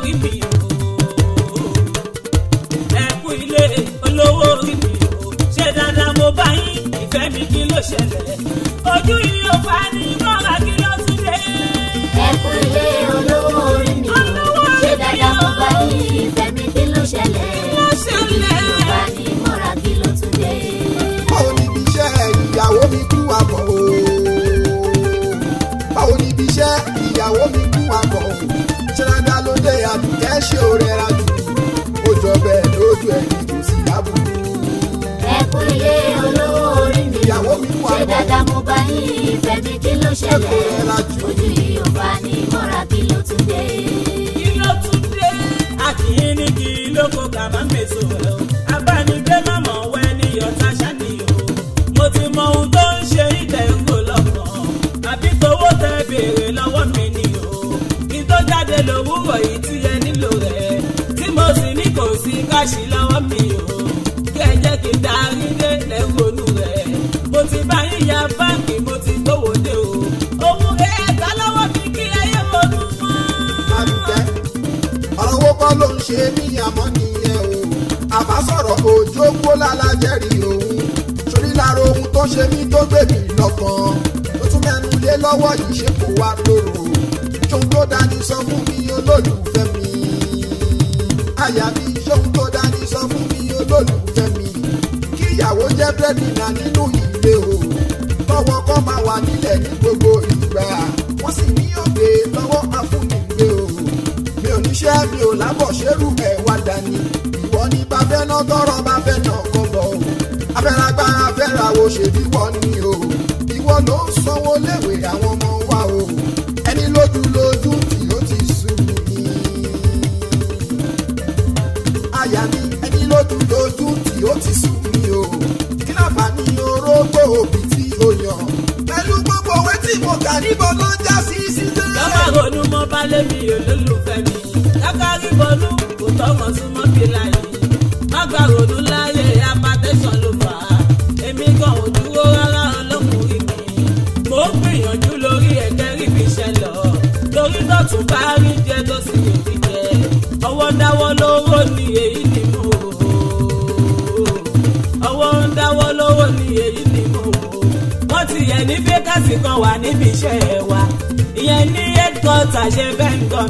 fogo em mim. ṣe ò rẹra jù ó jọ bẹ́ẹ̀ lójú ẹni kò sí lábùkù. ẹ ilé olówó orí mi ìyàwó mi wà ṣé dáadáa mo bá yín ìfẹ́ mi kí ló ṣẹlẹ̀ ojú yìí ò bá ní mọ́ra kí ló tún dé. kí ló tún dé àkìíní kí ló kó kàmá mẹ́sàn-án. kí n dá nílé lẹ́gbọ̀nù ya báńkì mo ti o òun ẹ̀ẹ́dá lọ́wọ́ mi kí ayé wọnú mọ́. àbíkẹ́ ọ̀rọ̀wó kọ́ ló o àfàsọ̀rọ̀ òjò kó lálájẹ́rìí òun sórí lára ohun tó ṣe mí mi lọ́kàn ó tún mẹ́nu lé lọ́wọ́ yìí ṣe kó wá lóru jòǹdó dání sọ jẹ́ búrẹ́dì náà nínú ìwé o tọwọ́ kọ́ máa wà nílẹ̀ ní gbogbo ìgbà wọ́n sì ní òde lọ́wọ́ afúnìgbé o mi ò níṣẹ́ mi ò lábọ̀ ṣerú ẹ̀ wá dání ìwọ ni bàbẹ́ náà tọrọ bàbẹ́ náà kọ́ bọ̀ o abẹ́rẹ́gbára fẹ́ra wo ṣèbí wọ́n ní o ìwọ ló ń sanwó léwe àwọn ọmọ wa o ẹni lójú lójú tí ó ti sùn ní. àyà mi ẹni lójú lójú tí ó ti sùn ìrógbò òbí tí ó yàn. pẹ̀lú gbogbo owó tí mo kà níbọn ló já sí sílẹ̀. lọ́mọ ronú mọ́ bá lé mi olólùfẹ́ mi lákàrí bọ́lú dẹ̀ ní fẹ́kàsì kan wà níbi iṣẹ́ wa ìyẹn ní headquarter ṣe bẹ́ẹ̀ ń kọ́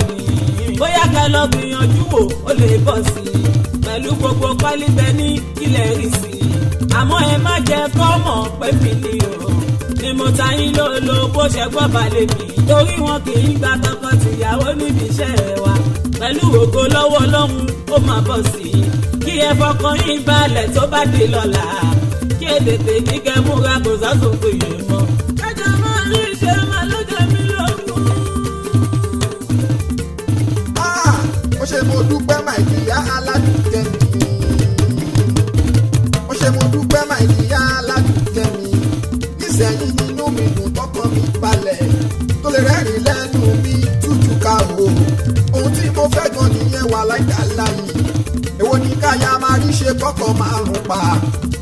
mi bóyá ká lọ gbìyànjú wò ó lè bọ̀ sí i pẹ̀lú gbogbo pálíbẹ̀ ní ilẹ̀ rí sí i àmọ́ ẹ má jẹ́ kọ́ pé mi ni o ni mo ta yín ló lo bó ṣe gbọ́ balẹ̀ mi torí wọn kì í gba tọkọ-tìyàwó níbi iṣẹ́ wa pẹ̀lú ògo lọ́wọ́ Ọlọ́run ó máa bọ̀ sí i kí ẹ fọkàn yín balẹ̀ tó bá dé lọ́la ṣe tètè ní kẹ́ múra kò sásòfò yẹn mọ́. ẹ̀jẹ̀ máa rí iṣẹ́ máa ló jẹ mí lógún. Ah, ó ṣe mo dúpẹ́ máa ìyá aládùúkẹ́ mi. ó ṣe mo dúpẹ́ máa ìyá aládùúkẹ́ mi. nísẹ̀yìn nínú mi dùn tọkọ mi balẹ̀ tó lè rẹ́rìn lẹ́nu mi tútù ká o. ohun tí mo fẹ́ gan nìyẹn wà láìdáláyé èwo ni káyà máa rí ṣe kọ́kọ́ máa rún pa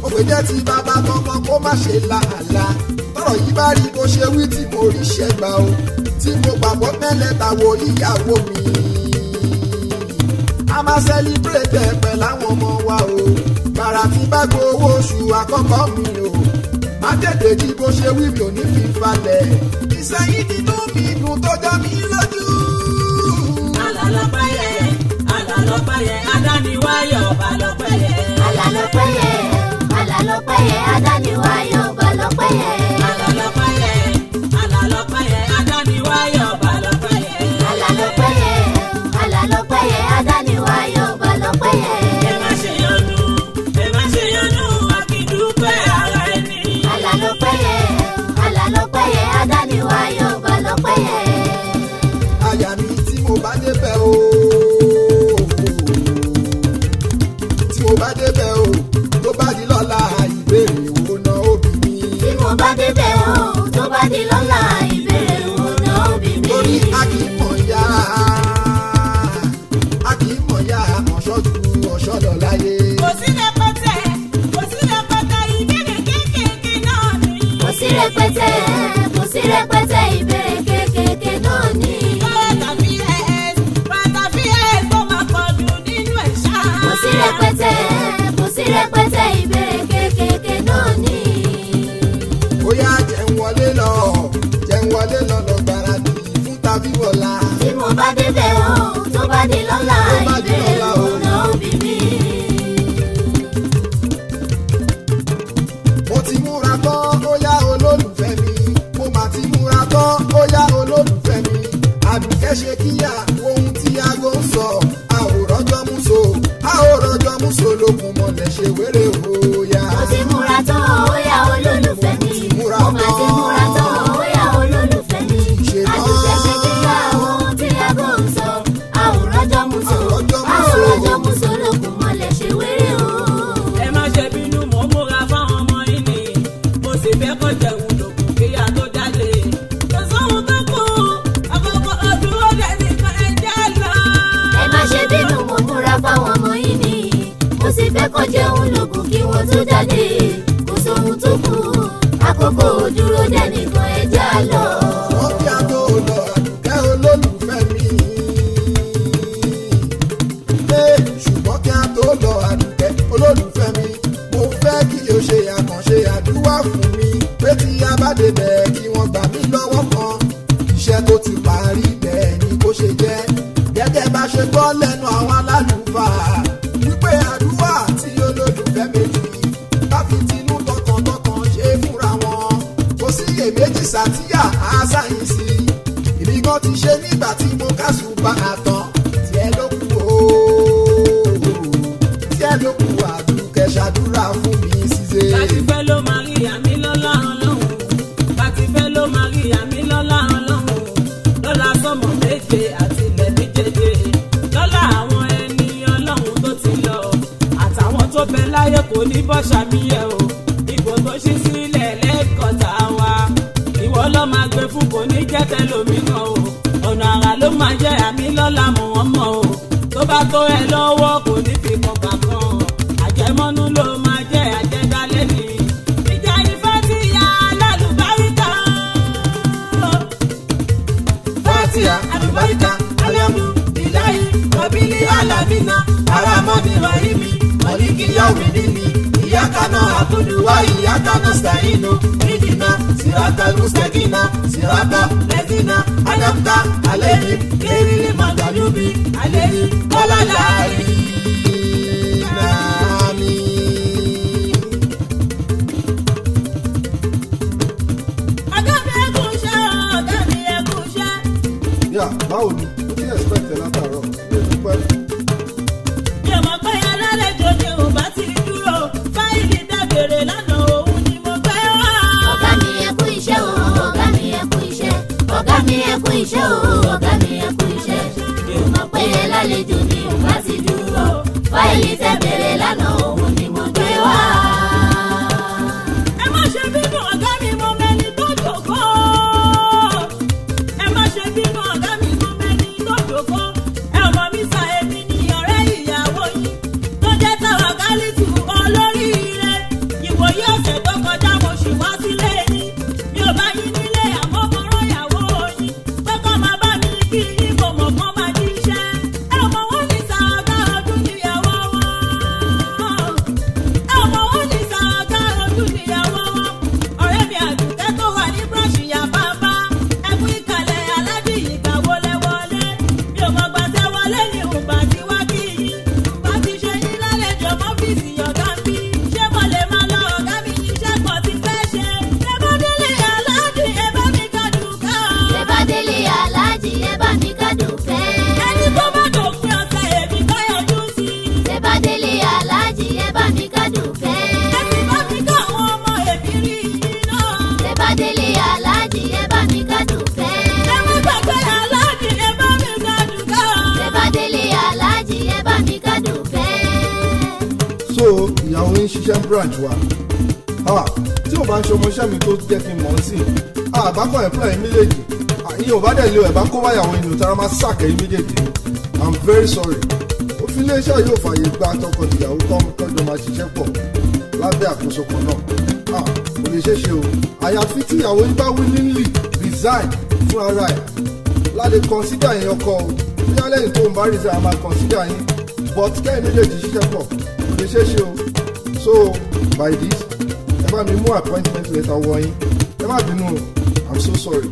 òwe jẹ́ ti bàbá tọmọ kó má ṣe làálà tọ̀rọ̀ yìí bá rí bó ṣe wí tí mo rí ṣẹ́ gbà o tí mo gbàgbọ́ mẹ́lẹ̀ tàwọn oníyàwó mi. a máa celebrate ẹ̀pẹ̀ láwọn ọmọ wa o bàrà tí bá gbowó oṣù àkọ́kọ́ mi o má tètè jí bó ṣe wí mi ò ní fi falẹ̀. ìsẹ́yìn nínú mi dùn tó já mi lójú. alálọ́pẹ́ yẹ alálọ́pẹ́ yẹ adániwáyọ̀ balọ̀pẹ́ yẹ alálọ́pẹ́ yẹ lọ́pẹ́ yẹn adániwáyọ̀ ọba lọ́pẹ́ yẹn. di ọ̀la. tí mo bá débẹ̀ o tó bá di lọ́la ìbéèrè ọ̀nà òbí mi. mo ti múra tán ó olólùfẹ́ mi mo mà ti múra tán ó yá olólùfẹ́ mi àdùkẹ́ ṣe kíyà ohun tí aago ń sọ a ò rọ́jọ́ mú lókun mọ̀lẹ́ ṣe wéré o. tudo ali. bọ́ ṣàbíyẹ o ipò tó ṣí sílẹ̀ lẹ́kọ̀ọ́ta wa ìwọ ló máa gbé fún kò ní jẹ́tẹ̀ lómìnà o ọ̀nà àrà ló máa jẹ́ àmì lọ́la mọ̀ wọ́n mọ̀ o tó bá tó ẹ lọ́wọ́ kò ní fi kọ̀ọ̀kan kan àjẹmọ́nú ló máa jẹ́ àjẹdálẹ́ nìyí. fatia alubarika alamu ilahi wabili alamina aramadi rahimi maliki yaumidini Siratana Abdullahi Atana Staino Idina Sirata Mustakina Sirata Lezina Adapta Aleri Kerili Magalubi Aleri Kolalari Yeah, báwo ni? ẹkú iṣẹ́ o ọ̀gá mi ẹkú iṣẹ́ mi ò mọ̀ pé ẹ lálejò ni màá ti dúró fáìlì tẹ̀mí. dẹ̀ lo ẹ̀bá kó báyàwó inú tara máa sàkẹ́ méjèèjì i'm very sorry òfin iléeṣẹ́ yóò fààyè gba tọkọ-tìyàwó kọ́ńtọ́jọ́ máa ṣiṣẹ́ pọ̀ lábẹ́ àkóso kan náà ah, kò lè ṣeé ṣe o àyàfi tíyàwó yín bá willingly resign fún ara ẹ̀ láti consider yẹn ọkọ o bóyá lẹ́yìn tó ń bá resign a máa consider yín but kẹ́hìn méjèèjì ṣiṣẹ́ pọ̀ kò lè ṣeé ṣe o so by this ẹ bá mi mú appointment letter wọ yín ẹ má bínú o i'm so sorry.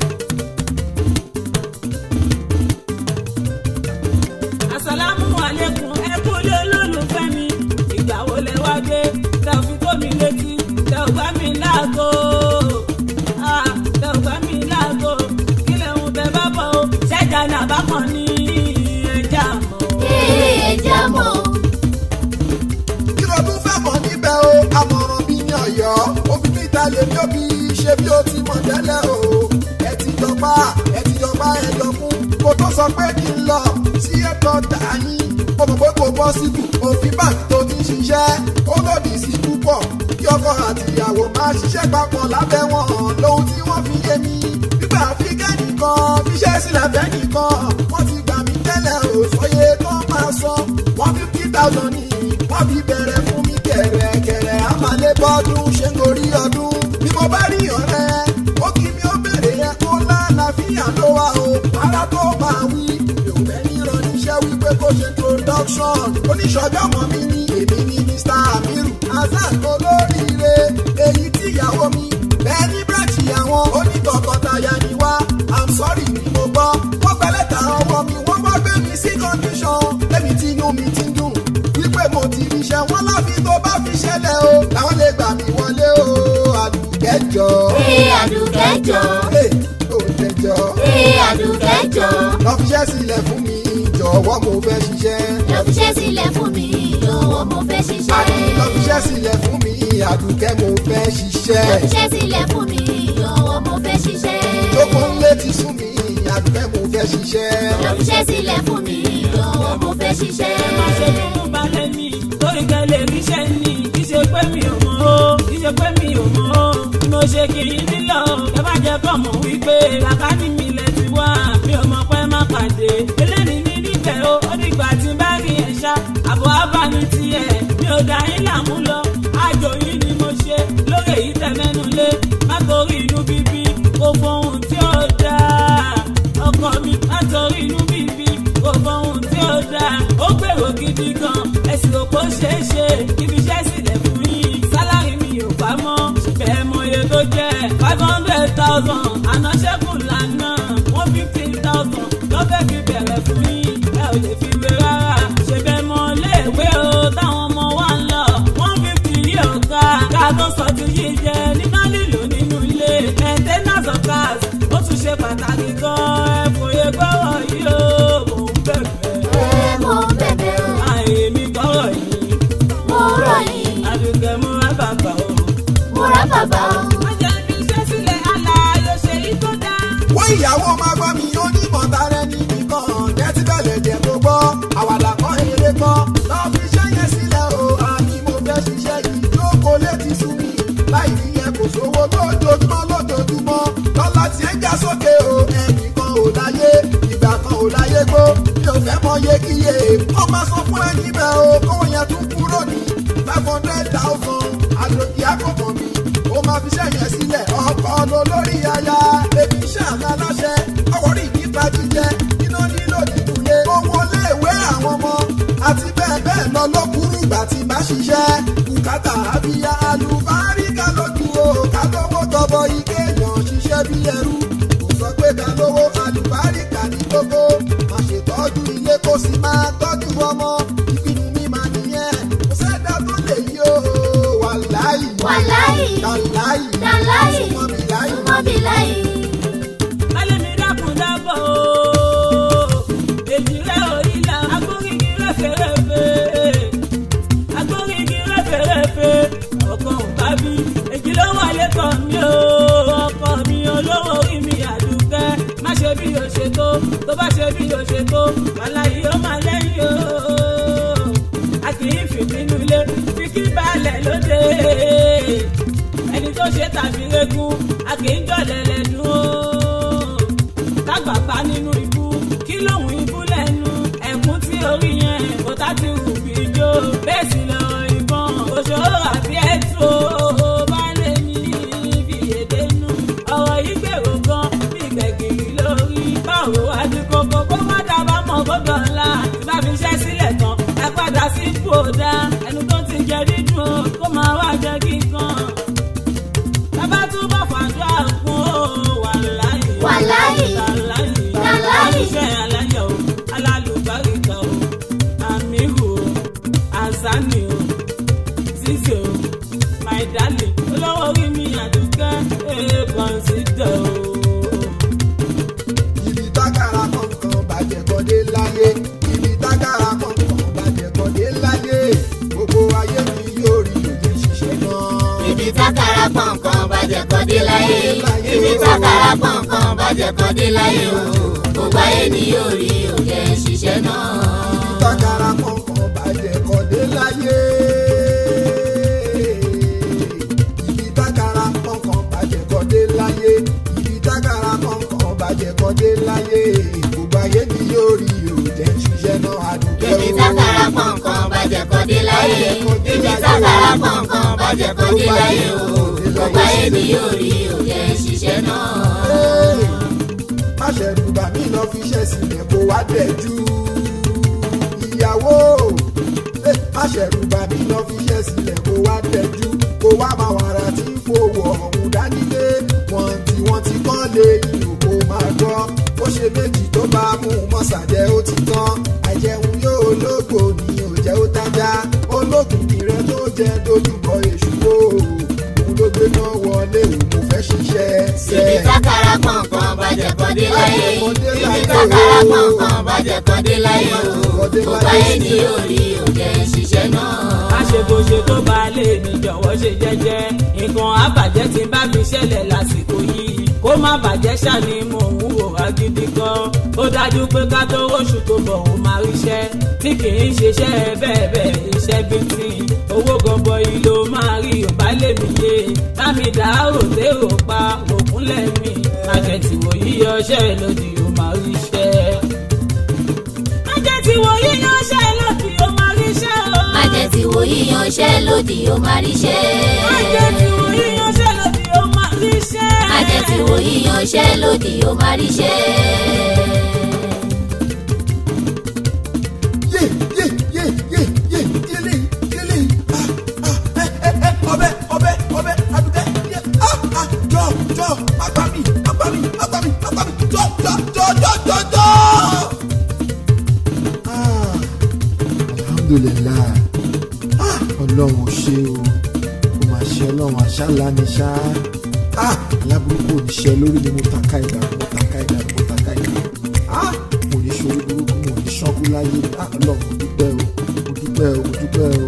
àmọ́. kí ló tún fẹ́ mọ̀ níbẹ̀ o àmọ̀ràn mi ní ọ̀yọ́ omi níta lè ní òbí ṣe bí ó ti mọ̀ tẹ́lẹ̀ o ẹ ti jọba ẹ ti jọba ẹ jọ mú kó tó sọ pé kí n lọ sí ẹ̀tọ́ tà yín ó mọ̀ pé kò bọ́ síbù òfin báńkì tó ti ṣiṣẹ́ ó lòdì sí púpọ̀ kí ọkọ àtìyàwó máa ṣiṣẹ́ papọ̀ lábẹ́ wọn lóhun tí wọ́n fi yé mi gbígbà fi ọ̀rẹ́ àmàlẹ́ bọ́dún ṣe ń gorí ọdún bí mo bá rí ọ̀rẹ́ ó kí mi ó bèrè ẹ̀kọ́ lálàáfíà ló wà o ara tó bá wí yorùbá ní ìrọ̀lẹ́ṣẹ́ wípé kó ṣe introduction oníṣọ́jọ́ mọ̀ mi ní èmi ní Mr. Amiru Hassan olóríire èyí tí ìyàwó mi bẹ́ẹ̀ ní bíráàtì àwọn onítọ̀kọ̀taya ni wá I'm sorry ni mo gbọ́ wọ́n gbẹ́lẹ́ta ọ jọ. bí àdùkẹ́ jọ. ó lè jọ. bí àdùkẹ́ jọ. lọ fi iṣẹ́ sílẹ̀ fún mi jọ̀wọ́ mo fẹ́ ṣiṣẹ́. lọ fi iṣẹ́ sílẹ̀ fún mi jọ̀wọ́ mo fẹ́ ṣiṣẹ́. àdùn lọ fi iṣẹ́ sílẹ̀ fún mi àdùkẹ́ mo fẹ́ ṣiṣẹ́. lọ fi iṣẹ́ sílẹ̀ fún mi jọ̀wọ́ mo fẹ́ ṣiṣẹ́. tó kún létí sún mi àdùkẹ́ mo fẹ́ ṣiṣẹ́. lọ fi iṣẹ́ sílẹ̀ fún mi o mo fẹ́ ṣiṣẹ́. ẹ má ṣe dúdú balẹ̀ mi torí kan lè ríṣẹ́ ni kì í ṣe pé mi ò mọ̀ o kì í ṣe pé mi ò mọ̀ o bí mo ṣe kì í nílò ẹ bá jẹ́ kọ́ mọ̀ wípé bàbá ní mi lẹ ti wá mi ò mọ̀ pé má pàdé eléyìí ní níbẹ̀ o ó dìgbà tí bá rí ẹ̀ ṣá àbọ̀ abáni tiẹ̀ mi ò dá yín làmú lọ àjò yìí ni mo ṣe lórí èyí tẹ̀ mẹ́nu lé má torí inú bíbí kò fohùn tí ó dáa ọkọ mi má torí inú bíbí dára ó gbèrò gidi gan ẹ̀sìn rò pé ó ṣeé ṣe ibi iṣẹ́ sílẹ̀ fún yín sálárì mi ò bá mọ́ ṣùgbọ́n ẹ mọ iye tó jẹ́ five hundred thousand àná lánàá one fifteen thousand lọ́fẹ̀ẹ́ fi bẹ̀rẹ̀ fún yín ẹ ò lè fi sówó lójoojúmọ́ lójoojúmọ́ lọ́lá tí ń ga sókè o ẹnì kan ò láyé ìgbà kan ò láyé gbó mi ò fẹ́ mọ yékiyé ó máa sọ fún ẹyin bẹ́ẹ̀ o kóun yẹn tún kúrò ní five hundred thousand àlòkì àkọ́kọ́ mi ó máa fi iṣẹ́ yẹn sílẹ̀ ọkọ lọ lórí aya ebi iṣẹ́ àmì aláṣẹ ọwọ́ rí ìdípa jíjẹ iná nílò dídùn yẹn owó léèwé àwọn ọmọ àti bẹ́ẹ̀ bẹ́ẹ̀ lọ lọ́kùnrin ìgbà tí bá ṣiṣẹ́. bíláì. bálẹ̀ mi dákun dábọ̀ o èjì rẹ̀ orí la agbórígi rẹ́fẹ̀rẹ́fẹ̀ agbórígi rẹ́fẹ̀rẹ́fẹ̀ ọkàn bá mi èjì ló wà lẹ́kọ̀ọ́ mi o ọkọ mi olówó orí mi àdùkẹ́ má ṣe bí o ṣe tó tó bá ṣe bí o kì í jọ̀lẹ̀ lẹ́nu o kágbàpá nínú ibú kí lòun ibú lẹ́nu ẹ̀kún tí orí yẹn kò tá ti wù bí jó bẹ́ẹ̀ sì lọ ìbọn òṣòro àbí ẹ̀tọ́ bá lè ní ibi èdènú ọ̀rọ̀ yìí gbèrò gan bí Israel ibi tàkàrà pọ̀npọ̀n bàjẹ́ kan dé láyé o gbogbo ayé ni rí òye ṣiṣẹ́ náà. tàkàrà pọ̀npọ̀n bàjẹ́ kan dé láyé. ibi tàkàrà pọ̀npọ̀n bàjẹ́ kan dé láyé. ibi tàkàrà pọ̀npọ̀n bàjẹ́ kan dé láyé. gbogbo ayé ni rí òye ṣiṣẹ́ náà àdúgbò. ibi tàkàrà pọ̀npọ̀n bàjẹ́ kan dé láyé. ibi tàkàrà pọ̀npọ̀n bàjẹ́ kan dé láyé o tó báyé mi yóò rí òye ṣiṣẹ́ náà. má ṣe rúgbà mí lọ fi ṣe sílẹ̀ kó wá dẹ̀jú. ìyàwó má ṣe rúgbà mí lọ fi ṣe sílẹ̀ kó wá dẹ̀jú. kó wá máa wàrà tí fowó ọ̀hún dánilé wọ́n tí wọ́n ti kọ́ lé ìlú kó máa gbọ́. ó ṣe méjì tó bá mú un mọ́sàdẹ́ ó ti tán. kọ́dé láyé ibi tákàrà kọ̀ọ̀kan bàjẹ́ kọ́dé láyé o kò báyé ní orí òjẹ́ ṣiṣẹ́ náà. má ṣe bó ṣe tó bá lè mi jọ̀wọ́ ṣe jẹ́jẹ́ nǹkan àbàjẹ́ tí bá fi ṣẹlẹ̀ lásìkò yìí kó má bàjẹ́ ṣàní mò ń wúwo agídí gan ó dájú pé ká tó oṣù tó bọ̀ ó máa ríṣẹ́ tí kì í ṣiṣẹ́ bẹ́ẹ̀ bẹ́ẹ̀ iṣẹ́ bíntín owó gọbọi ló máa rí ọba lèmi yé lámì dá òde òpa òkúnlẹ̀ mi májẹ̀tì wò yíyọ ṣẹ́ lòdì ó máa ríṣẹ́. májẹ̀tì wò yíyọ ṣẹ́ lòdì ó máa ríṣẹ́ o. májẹ̀tì wò yíyọ ṣẹ́ lòdì ó máa ríṣẹ́. májẹ̀tì wò yíyọ ṣẹ́ àjẹtìwò yíyan iṣẹ́ lòdì ó máa rí ṣe. Ah, ah, ah, alhamdulillah ọlọ́run ṣe o kò máa ṣe ọlọ́run àṣálà ní ṣáá aláburúkú òníṣẹ́ lórí ni mo tàka ìdá mo tàka ìdá mo tàka ìdá ah! mo ní ṣorí burúkú mo ní ṣánkú láyé ah, lọ mo dúpẹ́ o mo dúpẹ́ o mo dúpẹ́ o.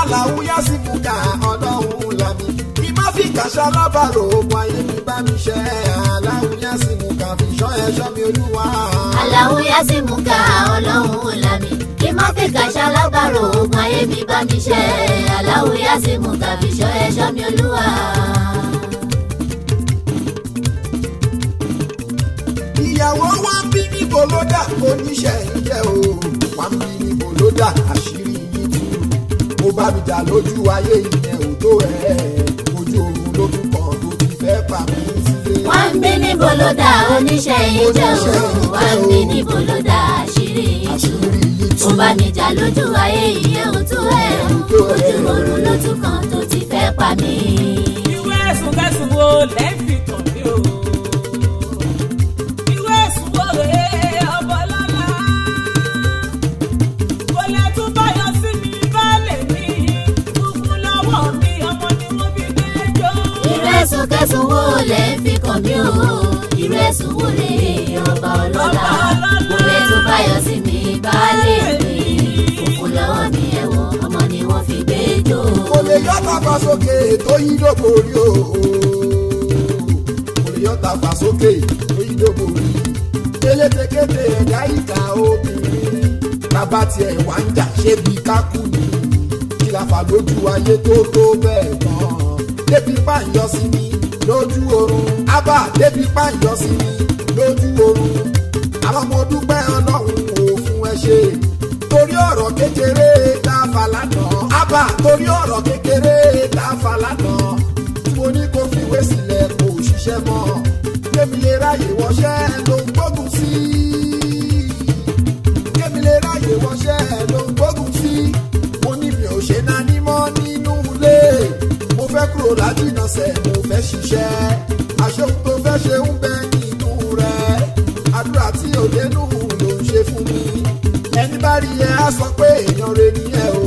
aláwúyá sí kúkà ọlọ́run làmì kí má fi kàṣà lábàrò ogun ayé mi bá mi ṣe aláwúyá sí mú fi ṣọ́ ẹ̀ṣọ́ mi olúwa. aláwúyá sí mú ká ọlọ́run làmì má fi gàṣà lágbàrò oògùn ayé mi bá mi ṣe aláwo yá sí mu tàbí ṣọ́ ẹ̀ṣọ́ mi olúwa. ìyàwó wa bí ní bòlódà oníṣẹ́ ìjẹ́ o wà ń bí ní bòlódà àṣírí yìí tú ó bá mi jà lójú ayé ìyẹn ò tó ẹ̀ ojú oorun ló tún kàn tó ti fẹ́ pa mí sílé. wà ń bí ní bòlódà oníṣẹ́ ìjẹ́ o wà ń bí ní bòlódà àṣírí yìí tú tó bá mi jà lójú ayé iye òtún ẹ̀ ojú oorun ló tún kan tó ti fẹ́ pa mí. irú ẹ̀sùn kẹsùn wo lẹ́ẹ̀fì tàn mí o. irú ẹ̀sùn wo rèé ọmọ lọ́la. kò lè tún báyọ̀ sí mi báàlẹ̀ mi. funfun lọ́wọ́ mi ọmọ ni mo fi dé jọ. irú ẹ̀sùn kẹsùn wo lẹ́ẹ̀fì kàn mí o ìrẹsùn wúlé ọba ọlọ́lá wúlé tó báyọ̀ sí mi baálé mi òkú lọ́wọ́ mi ẹ̀wọ̀n ọmọ ni wọ́n fi gbé jó. kò lè yọ tàbá sókè tó yí dògbò rí o kò lè yọ tàbá sókè tó yí dògbò rí kélétékété ẹ̀dá ìka obìnrin bàbá tiẹ̀ wá ń jà ṣé bí kákú ni kí la fà lójú ayé tó tó bẹ́ẹ̀ gan-an débi pààyàn sí ni lójú oorun abba débi pàjọ sí mi lójú oorun àwọn ọmọ dúpẹ́ ọlọ́run kò fún ẹ ṣe torí ọ̀rọ̀ kékeré tá a fà torí ọ̀rọ̀ kékeré tá a tí mo ní kó fiwé sílẹ̀ kò ṣiṣẹ́ mọ́ kémi lè ráyè wọṣẹ́ ló ń gbógun sí kémi lè ráyè wọṣẹ́ ló ń gbógun sí mo ní mi ò ṣe náà nímọ́ nínú ilé mo fẹ́ kúrò lájìnà sẹ́ẹ̀ fẹ́ ṣiṣẹ́ àṣekù tó fẹ́ ṣe ń bẹ nínú rẹ̀ àdúrà tí ò dénú ló ń ṣe fún mi ẹni bá rí ẹ á sọ pé èèyàn rẹ ni ẹ o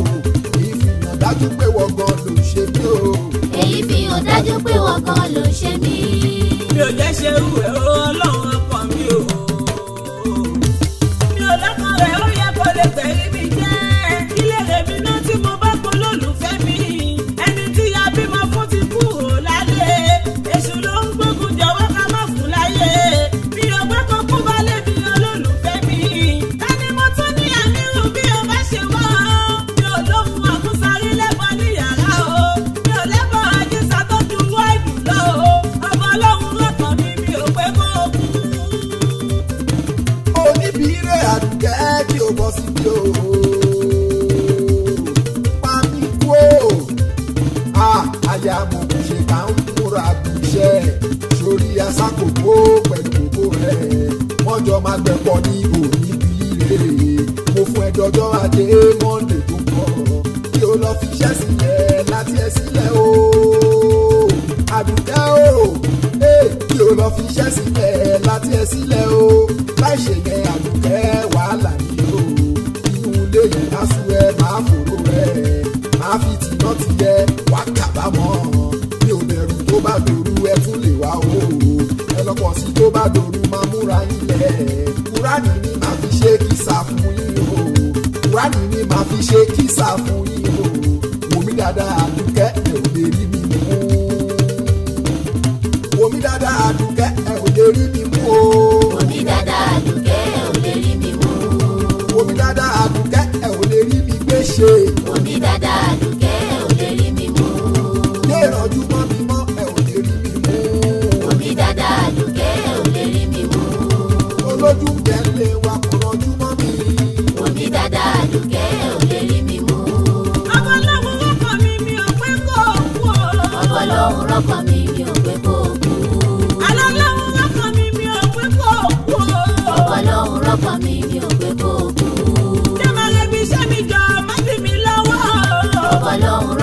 èyí fi dájú pé wọ̀ngàn ló ń ṣe mí o. èyí fi hàn dájú pé wọ̀ngàn ló ń ṣe mí. mi ò jẹ́ ṣerú ẹ̀ o ọlọ́run ọkàn mi o.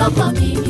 ọkọ mi.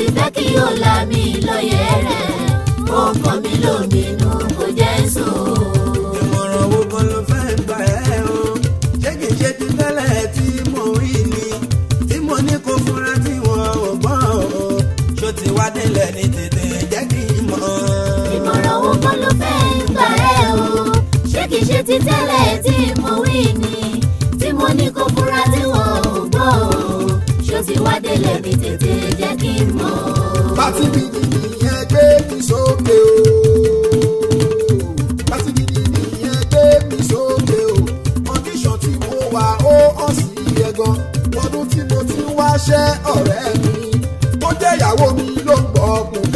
sì fẹ́ kí o là mí lóye rẹ̀ ó kọ́ mi lóminú kò jẹ́ sọ. ìmọ̀ràn wo gan ló fẹ́ gbà ẹ́ o ṣé kìí ṣe ti tẹ́lẹ̀ tí mo rí ni tí mo ní kó fura tí wọn ò gbọ́ o ṣó ti wá délẹ̀ ní tètè jẹ́ kí n mọ̀. ìmọ̀ràn wo gan ló fẹ́ gbà ẹ́ o ṣé kìí ṣe ti tẹ́lẹ̀ tí mo rí ni. tẹ́lẹ̀ mi tètè jẹ́ kí n mọ̀. pátí mi nìyẹn gbé mi sókè o. pátí mi nìyẹn gbé mi sókè o. kọ́ndíṣọ̀n tí mo wà ó hàn sí iye gan. lọ́dún tí mo ti wáṣẹ́ ọ̀rẹ́ mi. tó jẹ́ ìyàwó mi ló ń gbọ́ ọkùnrin.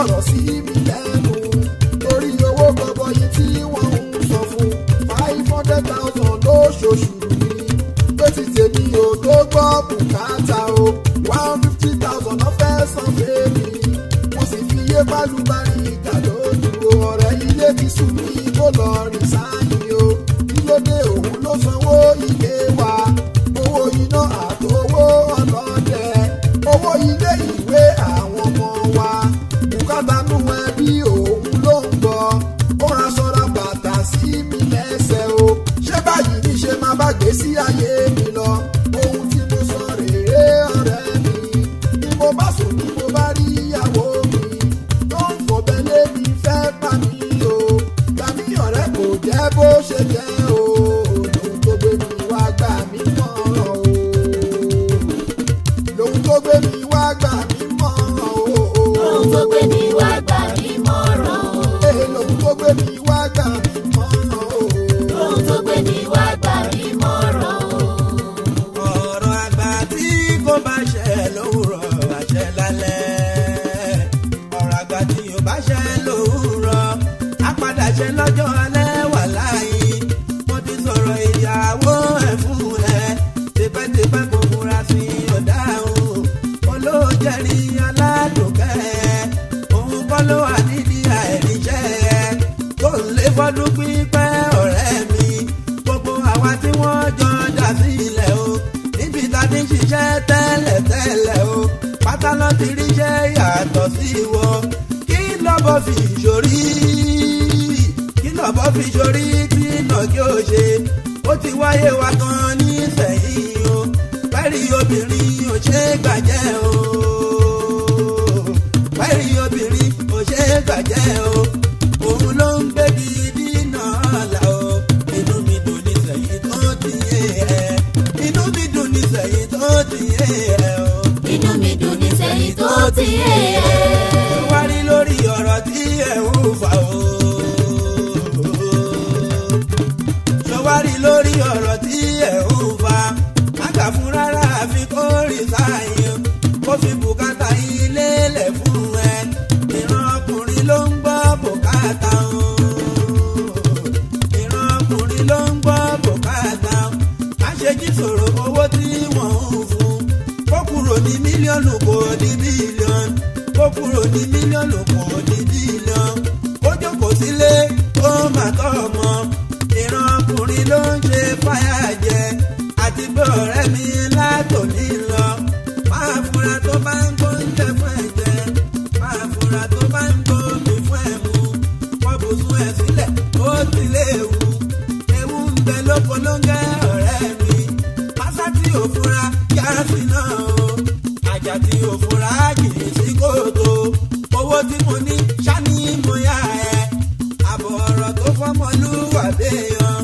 fọ̀rọ̀ sí ṣe lọ́jọ́ alẹ́ wà láàyè mo ti sọ̀rọ̀ ìyàwó ẹ̀ fún ẹ tẹ́pẹ́tẹ́pẹ́ kò múra sí ọ̀daràn olóòjẹ́rì aládùnkẹ́ òun kọ́ ló wà níbi àìríṣẹ́ kò ń o níbi tá a ti o pátá lọ́ọ́ ti ríṣẹ́ yàtọ̀ sí ìwọ kí lọ́bọ̀ fi ìṣòrí fi ṣorí tí nàkí ò ṣe ó ti wáyé wa gan nísẹ̀yìn o báyìí obìnrin ò ṣe é gbàjẹ́ o báyìí obìnrin ò ṣe é gbàjẹ́ o òun ló ń gbé bí dínà ọ̀la o inú mi dùn nísẹ̀yìn tó ti yé ẹ inú mi dùn nísẹ̀yìn tó ti yé ẹ o inú mi dùn nísẹ̀yìn tó ti yé ẹ. wárí lórí ọ̀rọ̀ tí ẹ̀ ń fà o. mílíọ̀nù kò di bílíọ̀nù ó kúrò ní mílíọ̀nù kò di bílíọ̀nù ó jókòó sílé ó mà tọ́ ọmọ ìran ọkùnrin ló ń ṣe fáyà jẹ àti pé ọ̀rẹ́ mi látòní lọ máa fura tó bá ń kó ń jẹ fún ẹ̀jẹ̀ máa fura tó bá ń kó mi fún ẹ̀ mu wọ́n bù sún ẹ̀ sílẹ̀ ó ti léwu ewu ń bẹ lóko ọ̀rẹ́ mi pásá tí fura yára sí náà àjà tí o fura jìnnì sí kòtò owó tí mo ní sani mo yá ẹ àbọ̀ ọ̀rọ̀ tó fọmọlúwà béèyàn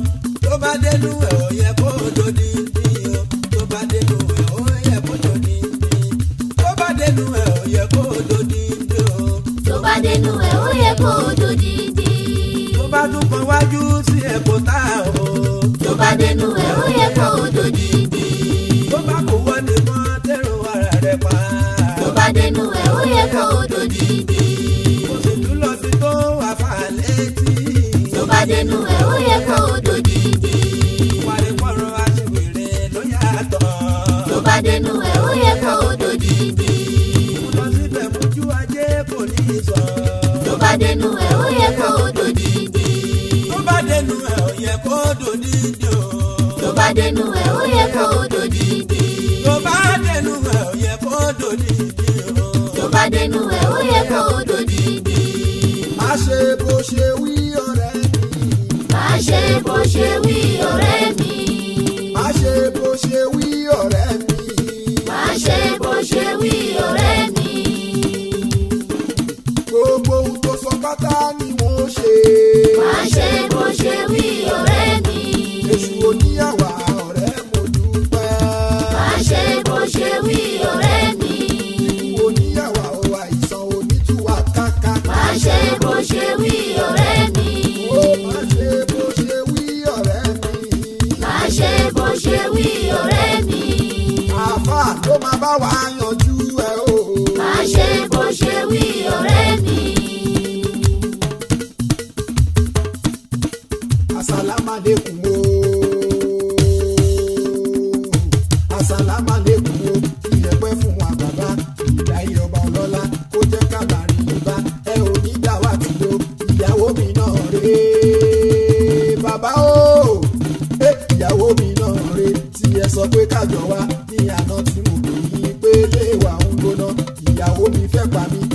tó bá dénú ẹ̀ ó yẹ kó o dodi níyàn tó bá dénú ẹ̀ ó yẹ kó o dodi níyàn tó bá dénú ẹ̀ ó yẹ kó o dodi níyàn tó bá dénú ẹ̀ ó yẹ kó o dodi níyàn tó bá tún kan wájú sí ẹ̀kọ́ tá a ò tó bá dénú ẹ̀ ó yẹ kó o dodi níyàn. bá dénú ẹ̀ ó yẹ kó o dòdìdì. òtútù lọ sí tó àfà létí. tó bá dénú ẹ̀ ó yẹ kó o dòdìdì. wàrẹ̀kọ̀rọ̀ aṣèwèrè ló yàtọ̀. tó bá dénú ẹ̀ ó yẹ kó o dòdìdì. lọ síbẹ̀ mojú ajé kò ní í sọ. tó bá dénú ẹ̀ ó yẹ kó o dòdìdì. tó bá dénú ẹ̀ ó yẹ kó o dòdìdì o. tó bá dénú ẹ̀ ó yẹ kó o dòdìdì. tó bá dénú ẹ̀ ó yẹ kó o dòdìdì dẹnu ẹ̀ ó yẹ kó o dòdìdì. má ṣe bó ṣe wí ọ̀rẹ́ mi. má ṣe bó ṣe wí ọ̀rẹ́ mi. má ṣe bó ṣe wí ọ̀rẹ́ mi. má ṣe bó ṣe wí ọ̀rẹ́ mi. gbogbo ohun tó sọ pátá ni mo ṣe. má ṣe bó ṣe wí ọ̀rẹ́ mi. ṣe wí ọ̀rẹ́ mi. àfa ló máa bá wa yanjú. omi fẹ́ pa mí.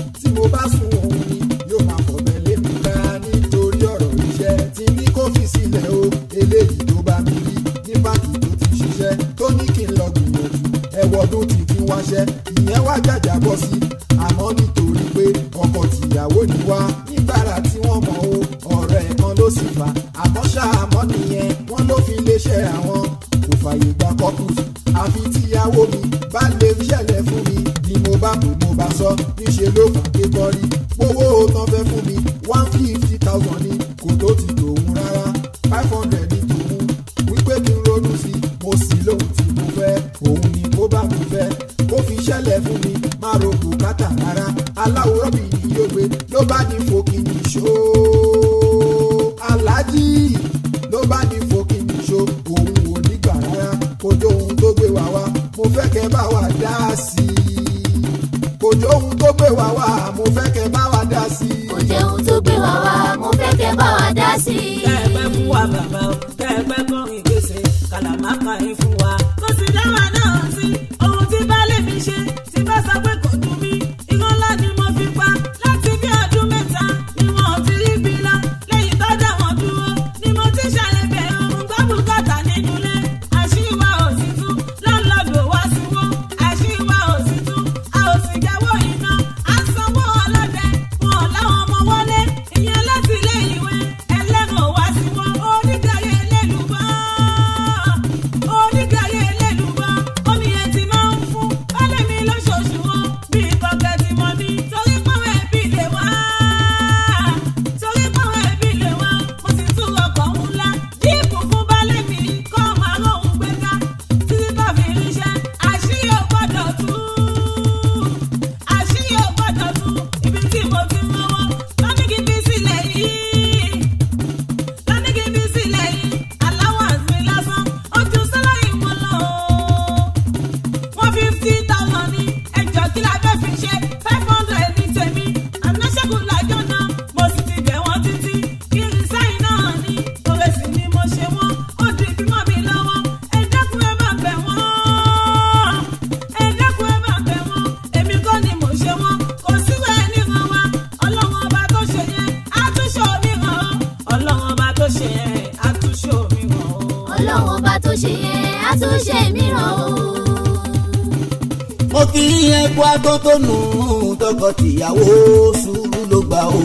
ìyàwó sùúrù ló gbà o.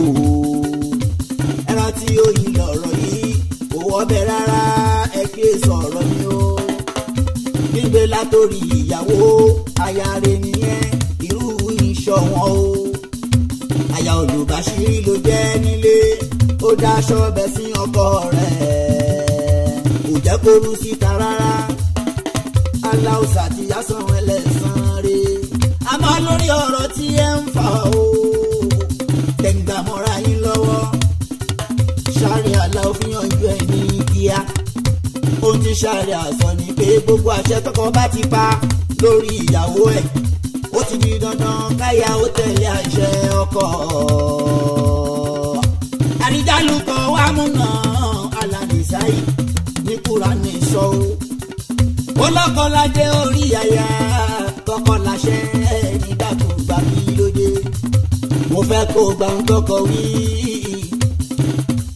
ẹran tí ó yí lọ̀rọ̀ yìí kò wọ́bẹ̀ rárá ẹ kí ẹ sọ̀rọ̀ ni o. nígbè látòrí ìyàwó aya rẹ̀ nìyẹn irú iṣọ́ wọn o. aya olùbáṣírí ló jẹ́ nílé ó dáṣọ bẹ́ sí ọkọ rẹ̀ kò jẹ́ kó rú síta rárá. aláùsà ti yá sàn lórí ọ̀rọ̀ tí ẹ ń fà o tẹ̀gbà mọ́ra yín lọ́wọ́ sáré àlà òfin ọjọ́ ẹ̀ ní kíá ó ti sáré àsọ ni pé gbogbo àṣẹ tọkọ bá ti pa lórí ìyàwó ẹ̀ ó ti di dandan káyà ó tẹ̀lé àṣẹ ọkọ. àrídàlù kan wà múnà alanisayi ní kúránì sọ o ó lọ́kọ́ ládé orí yàyà. mo fẹ́ kó gba ń tọkọ wí.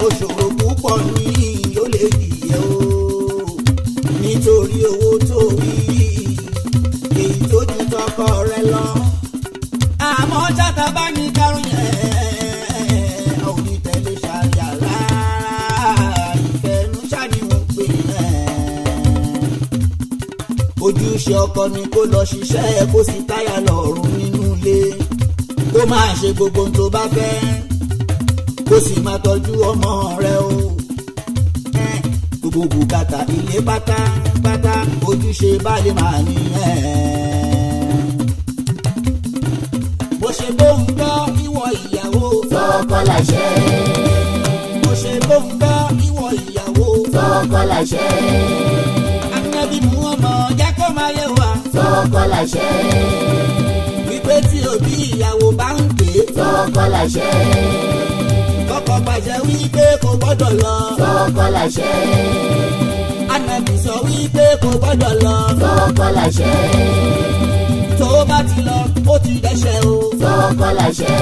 òṣòro púpọ̀ ní yóò lè dìyẹ o nítorí owó tó wí èyí tó ju tọkọ rẹ lọ. àmọ́ játa bá ní karùn yẹn ò ojúṣe ọkọ ni kó lọ ṣiṣẹ́ kó sì táyà lọ́rùn nínú ilé kó máa ṣe gbogbo tó bá fẹ́ kó sì máa tọ́jú ọmọ rẹ o gbogbo bùkátà ilé pátápátá ojúṣe baálé máa ní ẹ̀. bó ṣe bó ń gbọ́ ìwọ ìyàwó. tọkọ láṣẹ. bó ṣe bó ń gbọ́ ìwọ ìyàwó. tọkọ láṣẹ. anábìmú ọmọ jẹ́ máa yẹ wá. tọkọ láṣẹ wípé tí òbí ìyàwó bá ń pè é. tọkọ láṣẹ. tọkọ pàṣẹ wípé kò gbọ́dọ̀ lọ. tọkọ láṣẹ. ànàbì sọ wípé kò gbọ́dọ̀ lọ. tọkọ láṣẹ. tó bá ti lọ ó ti dẹ́ṣẹ̀ o. tọkọ láṣẹ.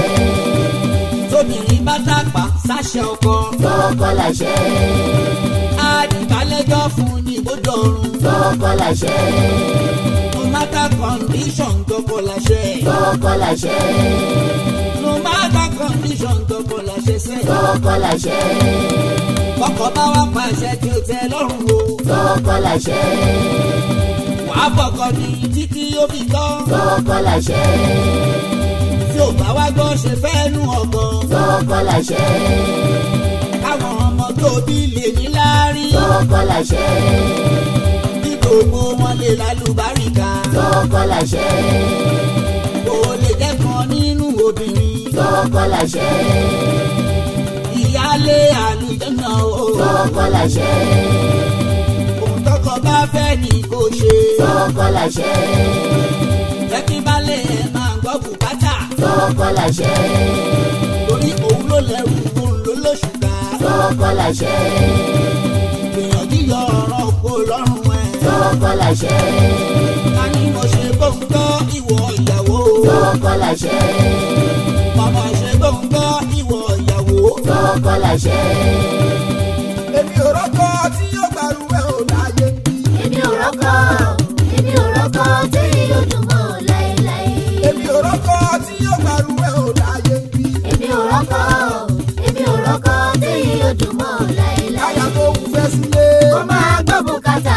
tóbìnrin bá dàgbà sáṣẹ ọkọ. tọkọ láṣẹ. àdìgbàlẹ́jọ́ fún ni bó dọ̀rùn. tọkọ láṣẹ matter condition tọkọ láṣẹ. tọkọ láṣẹ. no matter condition tọkọ láṣẹ sẹ. tọkọ láṣẹ. kọkọ bá wa pàṣẹ tí o tẹ́ lọ́rùn o. tọkọ láṣẹ. wàá bọ̀kọ ni títí ó fi tọ́. tọkọ láṣẹ. tí o bá wa gbọ́ ṣe fẹ́ nu ọkàn. tọkọ láṣẹ. káwọn ọmọ tóbi lè ní láárí. tọkọ láṣẹ ògbó wọn lè lálùbáríkà. tọkọ láṣẹ. kò lè dẹ́kan nínú obìnrin. tọkọ láṣẹ. ìyáálé àlùjọ́nà o. tọkọ láṣẹ. òun bá fẹ́ ni kò ṣe. tọkọ láṣẹ. jẹ́ kí balẹ̀ ẹ̀ máa gbọ́ bùkátà. tọkọ láṣẹ. torí òun ló lẹ́rù òun ló lóṣù ká. tọkọ láṣẹ. Sọ́kọ́láṣẹ. a ní mo ṣe gbóǹgbọ́ ìwọ ìyàwó. Sọ́kọ́láṣẹ. màmá ṣe gbóǹgbọ́ ìwọ ìyàwó. Sọ́kọ́láṣẹ. èmi ò rọ́kọ tí yóò gbàrú ẹ̀ ò láyé. èmi ò rọ́kọ èmi ò rọ́kọ tí yóò dùn mọ́ láéláé. èmi ò rọ́kọ tí yóò gbàrú ẹ̀ ò láyé. èmi ò rọ́kọ èmi ò rọ́kọ tí yóò dùn mọ́ láéláé. káyà tó fẹ́ sílé. kó máa gbọ́ bùkátà.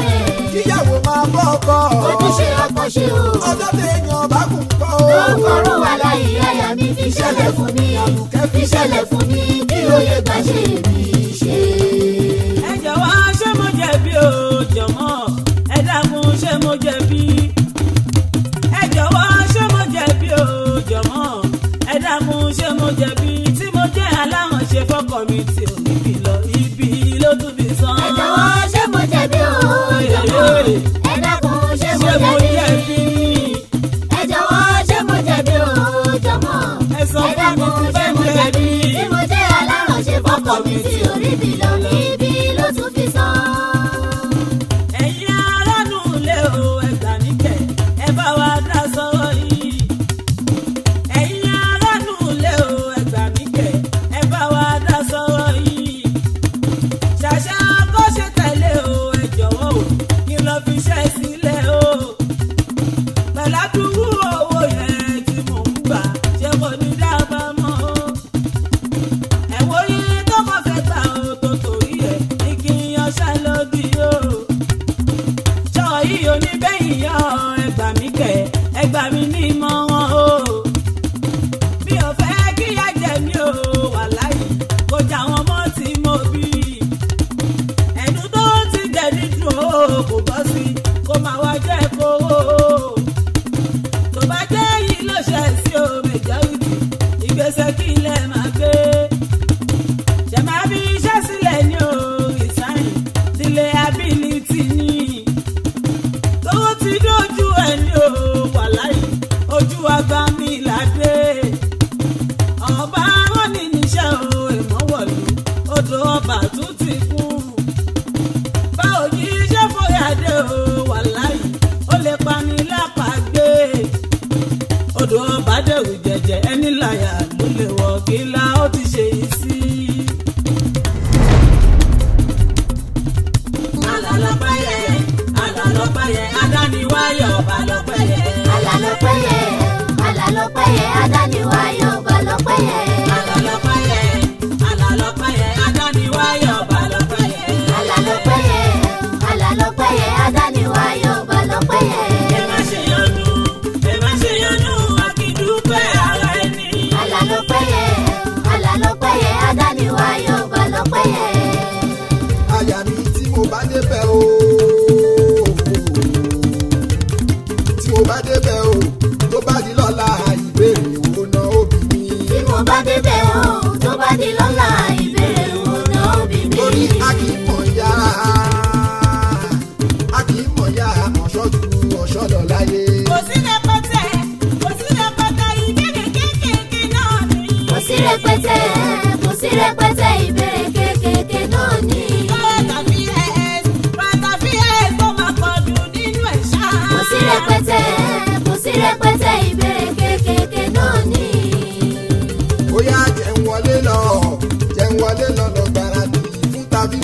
ẹ̀. kíyàwó máa bọ́ ọkọ. ojúṣe ọkọ ṣe o. ọjọ́ téèyàn bá kún kọ́. lóòkọ̀rọ̀ wà láyé àyà mi fi ṣẹlẹ̀ fún mi. fi ṣẹlẹ̀ fún mi. bí ó gbà ṣe èmi. Hey. do.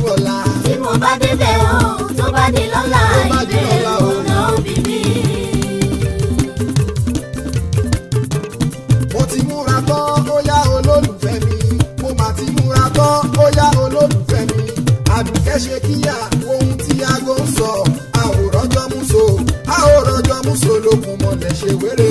bọ̀la. tí mo bá débẹ̀ o tó bá di lọ́la ìbéèrè ọ̀nà òbí mi. mo ti múra tán ó olólùfẹ́ mi mo mà ti múra tán ó yá olólùfẹ́ mi àdùkẹ́ ṣe kíyà ohun tí aago ń sọ a ò rọ́jọ́ mú so a ò rọ́jọ́ mú so lókun mọ̀lẹ́ ṣe wéré.